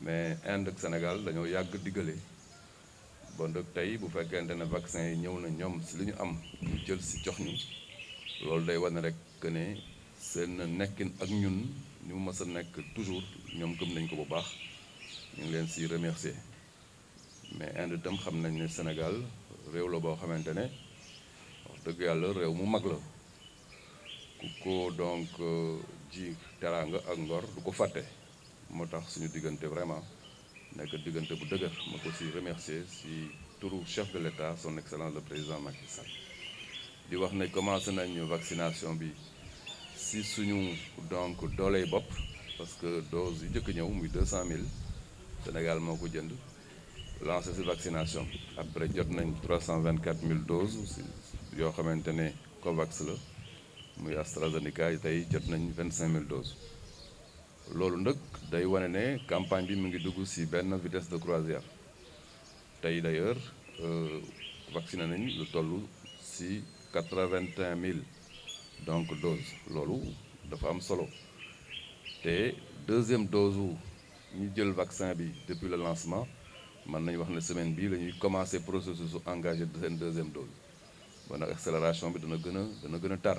mais Inde ak Sénégal dañoo yàgg diggale bon nag tey bu fekkente ne vaccin yi ñëw na ñoom si lu ñu am ñu jël si jox ñi loolu day wane rek que ne seen nekkin ak ñun ñu mës a nekk toujours ñoom gëm nañ ko bu baax ñu leen si remercier mais Inde itam xam nañ ne Sénégal réew la boo xamante ne wax dëgg yàlla réew mu mag la ku ko donc euh, ji teraanga ak ngor du ko fàtte motax suñu diggante vraiment nek diggante bu dëgër ma ko aussi remercier si turu chef de l'État son excellence le président Macky Sall di wax né commencé nañu vaccination bi si suñu donc dolay bop, parce que dose yi jëk ñëw muy 200 000 Sénégal moo jënd lancer si vaccination après jot nañ 324 000 doses si xamantene COVAX la muy AstraZeneca tay jot nañ 25 000 doses lolu nak day campagne bi ngi ci vitesse de croisière d'ailleurs euh, vacciné nañ lu tollu donc dose dafa solo deuxième dose ñu jël vaccin bi depuis le lancement man nañ semaine bi la commencer processus engagé de deuxième dose bon accélération bi dana tar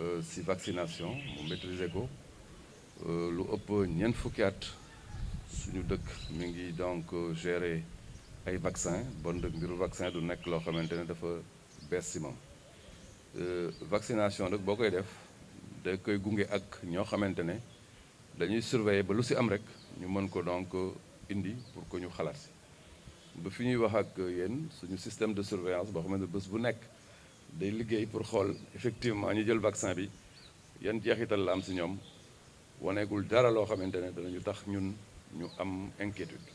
Euh, si vaccination mu maîtriser euh, ko lu ëpp ñeent fukki nous suñu donc euh, gérer ay vaccins. bon de mbiru vaccin du nek loo xamante ne dafa bees vaccination donc beaucoup de def da koy gunge ak ñoo xamantene ne dañuy surveiller ba lu ci am rek ñu mën ko donc indi pour que ñu xalaat si ba fi ñuy wax ak yeen suñu système de surveillance boo xamantene bëss bu nek. day liggéey pour xool effectivement ñu jël vaccin bi yan jeexital la am si ñoom waneegul dara loo xamante ne danañu tax ñun ñu am inquiétude